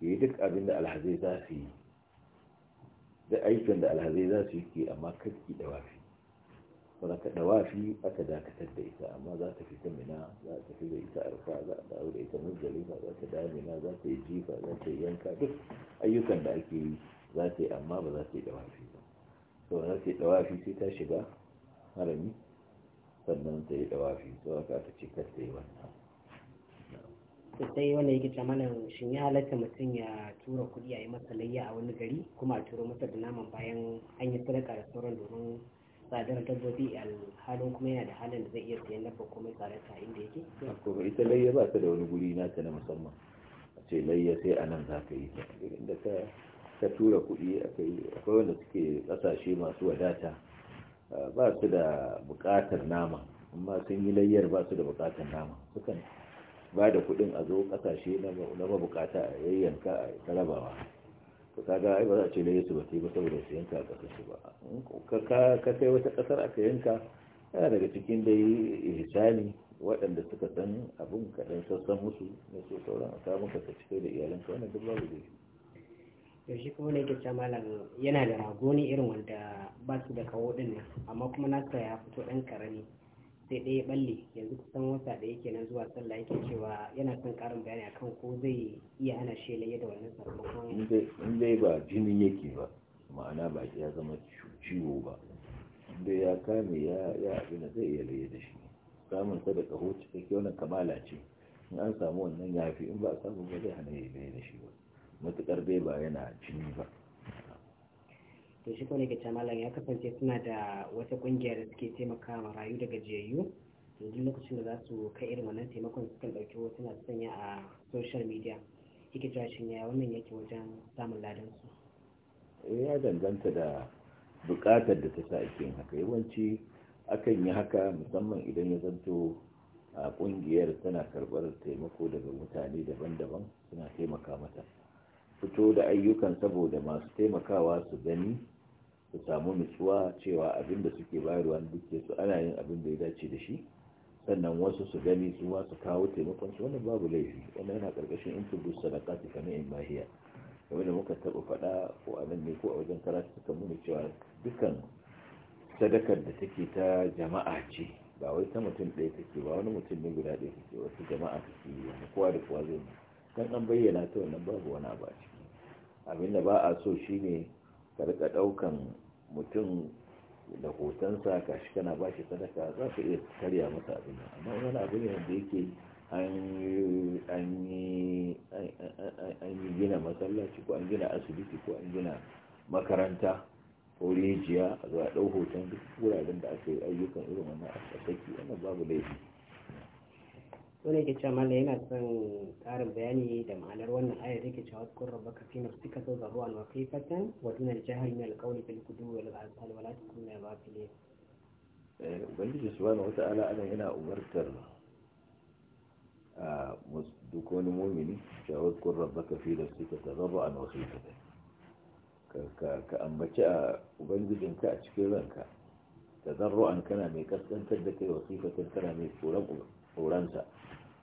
yi duk abin da alhazai za su yi da aikin da alhazai za su yi ke amma kakki dawafi kuma ka dawafi aka dakatar da ita amma za ta fita mina za ta fi da ita arfa za ta dawo da ita muzdalifa za ta da mina za ta yi jifa za ta yi yanka duk ayyukan da ake yi za ta yi amma ba za ta yi dawafi ba to za ta yi dawafi sai ta shiga harami sannan ta yi dawafi to aka ce kar ta yi wannan sai wanda yake ce mana shin ya halatta mutum ya tura kuɗi a yi masa layya a wani gari kuma a turo masa da naman bayan an yi sadaka da sauran domin tsadar dabbobi halin kuma yana da halin da zai iya sayan dabba komai tsadarta inda yake. Kuma ita layya ba ta da wani guri na ta na musamman. A ce layya sai a nan za ka yi ta. Inda ka ka tura kuɗi akwai wanda suke ƙasashe masu wadata ah, ba su da buƙatar nama amma sun yi layyar ba su da buƙatar nama ba da kudin a zo kasashe na mabukata a yayyanka a tarabawa to ta ga ba za a ce laye su ba ba saboda su yanka a kasar su ba ka ka kai wata kasar aka yanka yana daga cikin dai ihsani waɗanda suka san abin kaɗan sassan musu na so sauran a samun ka da iyalinka wannan duk babu dai yaushe kuma ne kyauta malam yana da rago irin wanda ba su da kawo din nan amma kuma nasa ya fito ɗan karami sai ɗaya balle yanzu kusan wata da yake nan zuwa sallah yake cewa yana son karin bayani akan ko zai iya hana shi laye da wannan sakamakon in dai ba jinin yake ba ma'ana ba ya zama ciwo ba da ya kame ya ya abin zai iya laye da shi samun ta da kaho cikakke wannan kamala ce in an samu wannan yafi in ba a samu ba zai hana ya laye da shi ba matuƙar dai ba yana jini ba to shi kone ke malam ya kasance suna da wata kungiyar da suke taimaka marayu da gajiyayyu yanzu lokacin da za su kai irin wannan taimakon su kan ɗauki wasu na sanya a social media yake cewa shi ya wannan yake wajen samun ladan su eh, ya danganta da buƙatar da ta sa ake yin haka yawanci akan yi haka musamman idan ya zanto a kungiyar tana karɓar taimako daga mutane daban-daban suna taimaka mata fito da ayyukan saboda masu taimakawa su gani su samu nutsuwa cewa abin da suke bayarwa duke su ana yin abin da ya dace da shi sannan wasu su gani su ma su kawo taimakon su wannan babu laifi wannan yana karkashin in tudu sadaqati fa ni'im ma kamar da muka taba faɗa ko a nan ne ko a wajen karatu suka nuna cewa dukan sadakar da take ta jama'a ce ba wai ta mutum ɗaya take ba wani mutum ne guda ɗaya take wasu jama'a ke yi wani kowa da kowa zai kan an bayyana ta wannan babu wani abu a ciki abin da ba a so shine karka rika daukan mutum da hotonsa ka shi kana ba shi sadaka za ka iya karya masa abin nan amma wani abu ne da yake an yi gina masallaci ko an gina asibiti ko an gina makaranta ko rijiya a zuwa ɗau hoton duk wuraren da aka yi ayyukan irin wannan a wannan babu laifi wani yake cewa malla yana son ƙarin bayani da ma'anar wannan ayar yake cewa kun rabbaka fi nafsika sau zaruwa wa khifatan wa dunal jahil min alqawli fil qudu wal asal wa la takuna ghafilin ubangiji subhanahu wa ta'ala ana yana umartar a duk wani mumini cewa kun rabbaka fi nafsika tadarruan wa khifatan ka ambaci a ubangijinka a cikin ranka tadarruan kana mai kaskantar da kai wa kana mai tsoron tsoronsa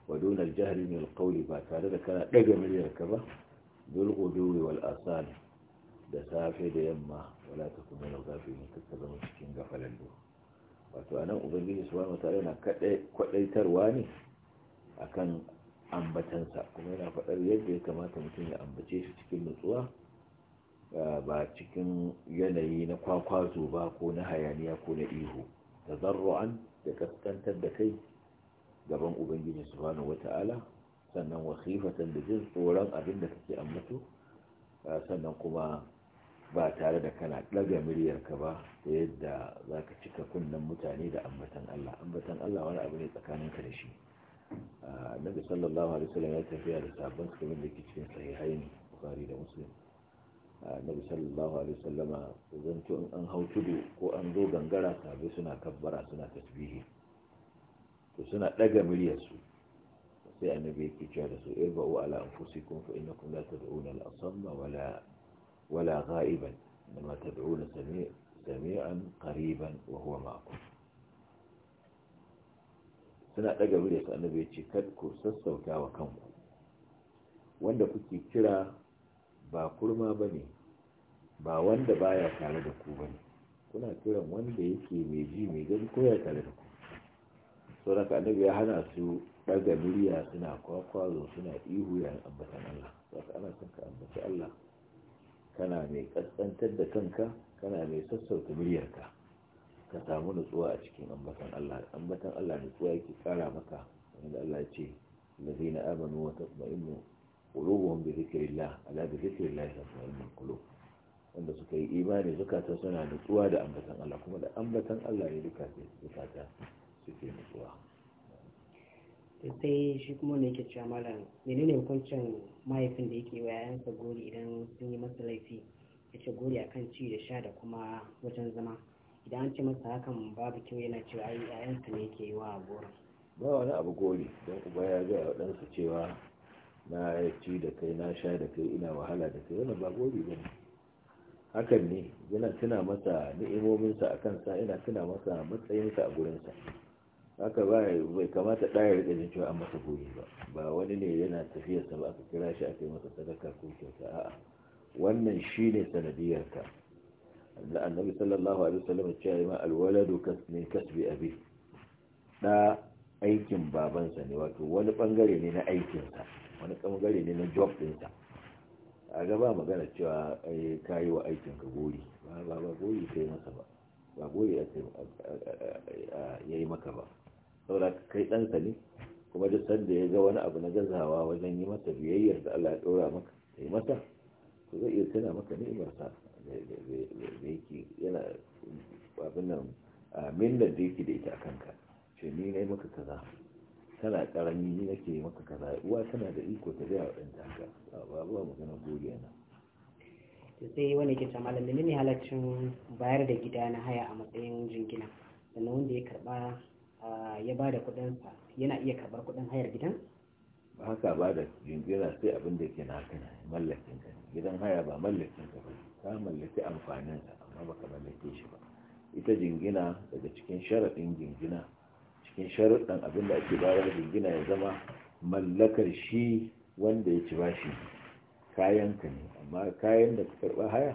wa dunar jihar mai ba tare da kana ɗaga muryarka ba bilgudu wal asali da safe da yamma wala ta kuma na gafi ne ka zama cikin gafalallu wato anan, nan ubangiji su wani wata yana kwaɗaitarwa ne akan ambatansa kuma yana faɗar yadda ya kamata mutum ya ambace shi cikin nutsuwa ba cikin yanayi na kwakwazo ba ko na hayaniya ko na ihu da zarro'an da kaskantar da kai gaban ubangiji subhanahu wata'ala sannan wa da jin tsoron abin da kake ambato sannan kuma ba tare da kana ɗaga muryarka ba da yadda za ka cika kunnen mutane da ambatan Allah ambatan Allah wani abu ne tsakaninka da shi nabi sallallahu alaihi wasallam ya tafiya da sabon sabon da ke cikin sahihaini bukhari da muslim nabi sallallahu alaihi wasallama zan in an hau tudu ko an zo gangara sabai suna kabbara suna tasbihi to suna ɗaga muryarsu sai annabi ya cewa da su eh, u ala anfusikum fa innakum la tad'una al asma wala wala ghaiban inma tad'una sami'an qariban wa huwa ma'akum suna ɗaga muryarsu annabi ce kad ku sassauta wa kanku wanda kuke kira ba kurma bane ba wanda baya tare da ku bane kuna kiran wanda yake mai ji mai gani ko ya tare da ku sauran ka annabi ya hana su ɗaga miliya suna kwakwazo suna ihu yayin ambatan Allah za ka ana son ka ambaci Allah kana mai ƙasƙantar da kanka kana mai sassauta miliyarka ka samu nutsuwa a cikin ambatan Allah ambatan Allah nutsuwa yake kara maka wanda Allah ce amanu wa وتطمئن qulubuhum bi الله ala bi الله تطمئن qulub wanda suka yi imani zukata suna nutsuwa da ambatan Allah kuma da ambatan Allah ne duka zukata suke nutsuwa sai shi kuma ne yake cewa malam menene hukuncin mahaifin da yake wa yayansa gori idan sun yi masa laifi ya ce gori akan ci da sha da kuma wajen zama idan an ce masa hakan babu kyau yana cewa ai yayansa ne yake yi wa goron ba wani abu gori don uba ya ga wa ɗansa cewa na ci da kai na sha da kai ina wahala da kai wannan ba gori ba ne hakan ne yana tuna masa ni'imominsa a sa yana tuna masa matsayinsa a gurinsa haka bai kamata ɗaya rika jin cewa an masa goyi ba ba wani ne yana tafiyarsa ba aka kira shi aka yi masa sadaka ko kyauta a'a wannan shine sanadiyarka da annabi sallallahu alaihi wasallam cewa ma alwaladu kasbi kasbi abi da aikin babansa ne wato wani bangare ne na aikin sa wani bangare ne na job sa a gaba magana cewa ka yi wa ka gori ba ba gori kai masa ba ba gori ya yi maka ba saboda kai ɗansa ne kuma duk sanda ya ga wani abu na gazawa wajen yi masa biyayyar da Allah ya ɗora maka ya yi masa to zai iya tana maka ni'imarsa da yake yana abin nan millar da yake da ita a kanka ce ni na yi maka kaza tana karami ni nake yi maka kaza uwa tana da iko ta gaya wa ɗanta haka ba ba magana godiya na sai wani ke ta malamin ne halaccin bayar da gida na haya a matsayin jingina sannan wanda ya karɓa ya ba da kudinsa yana iya karbar kudin hayar gidan? ba haka ba da jingira sai abin da ke na kana mallakin ka gidan haya ba mallakin ka ba ka mallaki amfanin sa amma baka mallake shi ba ita jingina daga cikin sharaɗin jingina cikin sharaɗin abin da ake bayar da jingina ya zama mallakar shi wanda ya ci shi kayan ka ne amma kayan da ka karɓa haya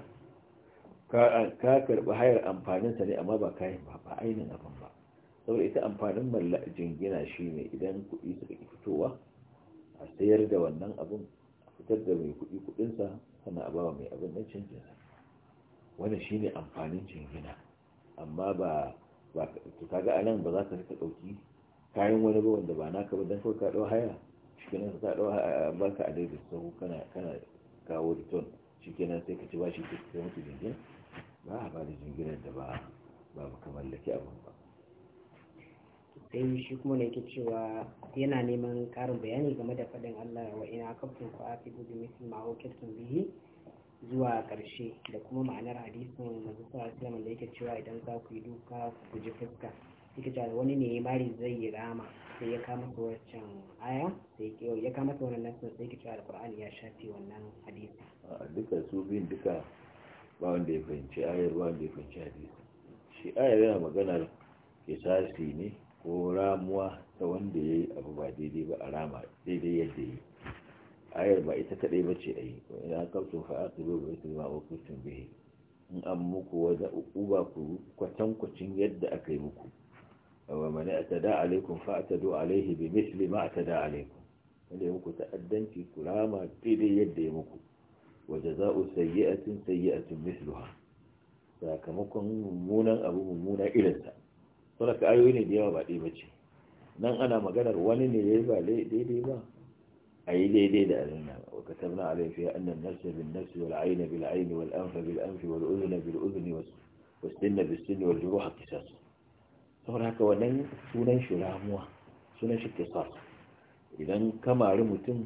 ka karɓa hayar amfanin sa ne amma ba kayan ba ba ainihin abin ba saboda ita amfanin malla jingina shi ne idan kuɗi suka ƙi fitowa a sayar da wannan abin a fitar da mai kuɗi kuɗinsa sana a bawa mai abin cin jinsa wani shi ne amfanin jingina amma ba to kaga a nan ba za ka rika ɗauki kayan wani ba wanda ba naka ba don kawai ka ɗau haya shikenan ka ɗau ba ka a da kana kana kawo return shikenan sai ka ci bashi ka mutu jingina ba a ba da jinginar da ba ba ka mallaki abin ba sai shi kuma ne yake cewa yana neman karin bayani game da faɗin Allah wa ina kafin ku afi gudu mitin ma'aukatun bihi zuwa ƙarshe da kuma ma'anar hadisin mazu sa da yake cewa idan za ku yi duka ku guji fuska yake cewa wani ne mari zai yi rama sai ya kama ta wancan aya sai ya kama ta wannan nasu sai yake cewa alƙur'an ya shafi wannan hadisi. duka su biyun duka ba wanda ya fahimci ayar ba wanda ya fahimci hadisi shi ayar yana magana kisasi ne ko ramuwa ta wanda ya yi abu ba daidai ba a rama daidai yadda yi ayar ba ita kaɗai ba ce a yi ina kamsu fa'a ta zo bai ba a sun bihi in an muku wajen uba ku kwatankwacin yadda aka yi muku wa mani a tada alaikun fa'a ta do alaihi bi misli ma a tada alaikun wanda ya muku ta'addanci ku rama daidai yadda ya muku za a tun jaza'u a tun misluha sakamakon mummunan abu mummuna irinsa saboda ka ayoyi ne da yawa ba ɗaya ba ce nan ana maganar wani ne ya yi ba daidai ba a yi daidai da alina wa katabna alai fiya annan nafsa bin nafsi wal aina bil aini wal anfa bil anfi wal udhuna bil udhuni was sinna bis sinni wal juruha qisas saboda haka wannan sunan shi ramuwa sunan shi qisas idan kamari mutum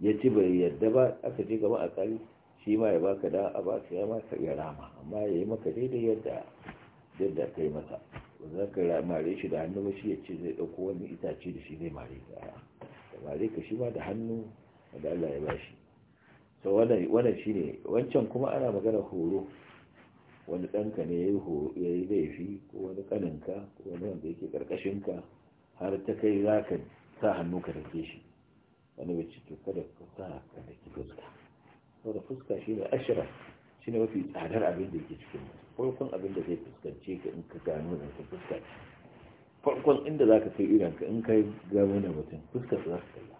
ya ci bai yadda ba aka je gaba a tsari shi ma ya baka da a baka ya maka ya rama amma ya yi maka daidai yadda yadda yi masa Zaka za ka mare shi da hannu shi ya ce zai ɗauko wani itace da shi zai mare ka da mare ka shi ma da hannu da Allah ya bashi so wannan shi ne wancan kuma ana magana horo wani ɗanka ne ya yi laifi ko wani ƙaninka ko wani wanda yake ƙarƙashinka har ta kai za ka sa hannu ka dake shi wani wacce to kada ka sa ka dake fuska saboda fuska shi ne ashira shi ne mafi tsadar abin da yake cikin mutum farkon abin da zai fuskance ka in ka gano da ka fuska farkon inda za ka kai iranka in ka gano da mutum fuskar za ka kalla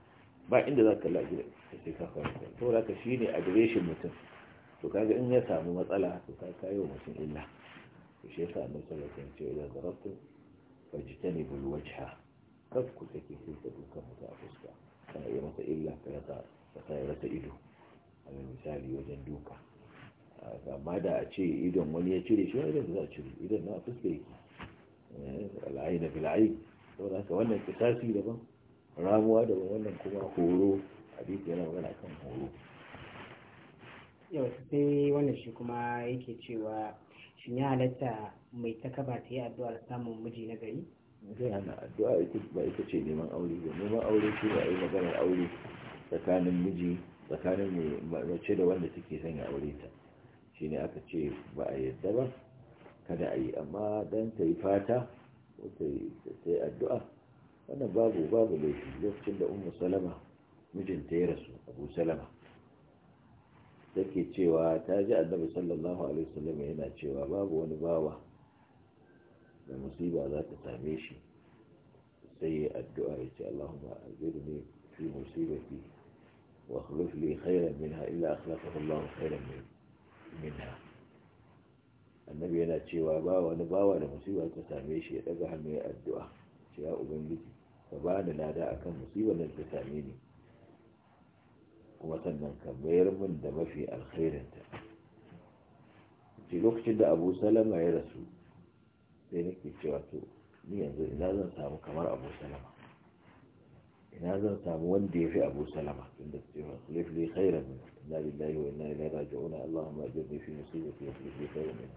ba inda za ka kalla gida da sai ka fara kai saboda haka shi ne adireshin mutum to kaga in ya samu matsala to ka kayo mutum illa to shi yasa annabi sallallahu alaihi wasallam zarafin ce idan zarabtu wajha kaf ku take ku ka duka mutum a fuska kana yi masa illa ka rasa ka rasa ido a misali wajen duka amma da a ce idan wani ya cire shi wani za a cire idan na fuska yake eh, al'ayi na fil'ayi don haka wannan kitasi daban ramuwa daban wannan kuma horo a hadisi yana magana kan horo yau sai wannan shi kuma yake cewa shi ya halatta mai takaba ta yi addu'ar samun miji na gari zai hana addu'a ba ita ce neman aure ba neman aure shi ba a yi maganar aure tsakanin miji tsakanin mace da wanda take sanya aure ta shi ne aka ce ba a yadda ba kada a yi amma don ta yi fata ko ta yi addu'a wannan babu babu laifi lokacin da Umar salama mijinta ya rasu abu salama Ta ke cewa ta ji annabi sallallahu alaihi wasallam yana cewa babu wani bawa da musiba za ta same shi sai ya addu'a ya ce Allahumma ne fi musibati wa khairan minha illa akhlafahu Allah khairan minha minha annabi yana cewa ba wani bawa da musiba ta same shi ya daga hannu ya addu'a ya ubangiji ka ba ni lada akan musibar da ta same ni kuma sannan ka bayar min da mafi ta ce lokacin da abu salama ya rasu sai nake cewa to ni yanzu ina zan samu kamar abu salama ina zan samu wanda ya fi abu salama inda cewa laifin khairar mutum na lillahi wa inna ilaihi raji'un Allahumma ajirni fi musibati wa fi khairin minha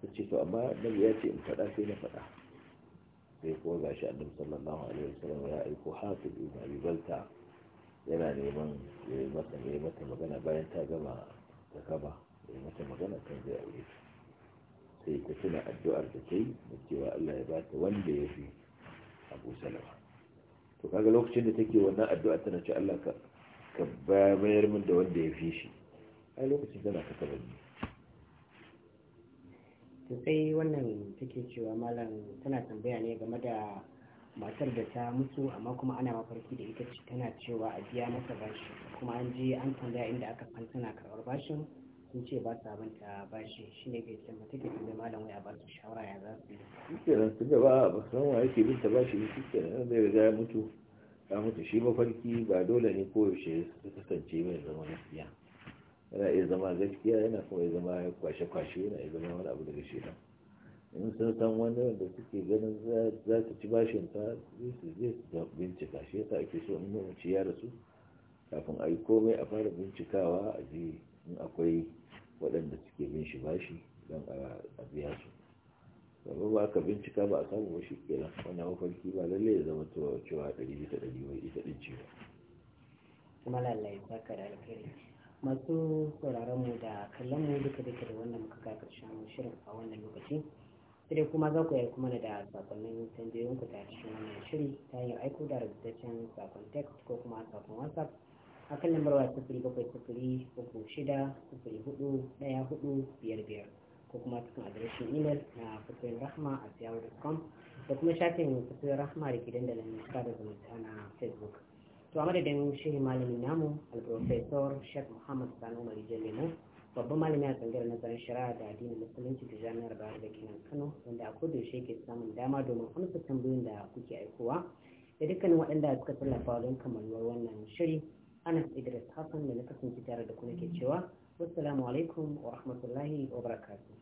tace to amma nabi ya ce in faɗa sai na faɗa sai ko gashi annabi sallallahu alaihi wasallam ya aiko hatib ibn abi balta yana neman ya mata magana bayan ta gama ta kaba ya mata magana kan zai aure sai ta tuna addu'ar da ta yi da cewa Allah ya bata wanda ya fi Abu Salama to kaga lokacin da take wannan addu'a tana ci Allah ka ka mayar min da wanda ya fi shi a lokacin tana ta tabanni sai wannan take cewa malam tana tambaya ne game da matar da ta mutu amma kuma ana mafarki da ita ce tana cewa a biya masa bashi kuma an je an tambaya inda aka san tana karɓar bashin sun ce ba sa banta bashi shi ne ke ce mata ke tambayi malam wai a ba su shawara ya za su yi. Shi su gaba ba su san wa yake binta bashi shi nan zai riga ya mutu ya mutu shi mafarki ba dole ne koyaushe su kasance mai zama gaskiya yana iya zama gaskiya yana kuma iya zama kwashe-kwashe yana iya zama wani abu daga shida in sun san wani wanda suke ganin za su ci bashin ta su je su bincika shi yasa ake so in mu ci ya rasu kafin a yi komai a fara bincikawa a ji in akwai waɗanda suke bin shi bashi don a biya su gaba ba ka bincika ba a samu wasu kira wani mafarki ba lalle ya zama cewa ɗari bisa ɗari mai ita ɗin ciwo ba ka da alkhairi masu sauraron mu da kallon mu duka duka da wannan muka ga karshen shirin a wannan lokaci sai kuma za ku yi kuma da sakonnin tambayoyin ku ta cikin wannan shiri ta hanyar aiko da rubutaccen sakon text ko kuma sakon whatsapp a kan lambar wa sifiri bakwai sifiri uku shida sifiri hudu ɗaya hudu biyar biyar ko kuma cikin adireshin imel na fatoyin rahma a siyawar.com da kuma shafin fatoyin rahma da ke dandalin da zumunta na facebook to a madadin shirin malamin namu alprofesor sheikh muhammad sani umar lemu babban malami a tsangiyar nazarin shari'a da addinin musulunci da jami'ar bayar da kenan kano wanda a shi ke samun dama domin amsa tambayoyin da kuke aikowa da dukkanin waɗanda suka tallafa don kammaluwar wannan shiri ana idris hassan da na kasance tare da ku ke cewa wassalamu alaikum wa rahmatullahi wa barakatuh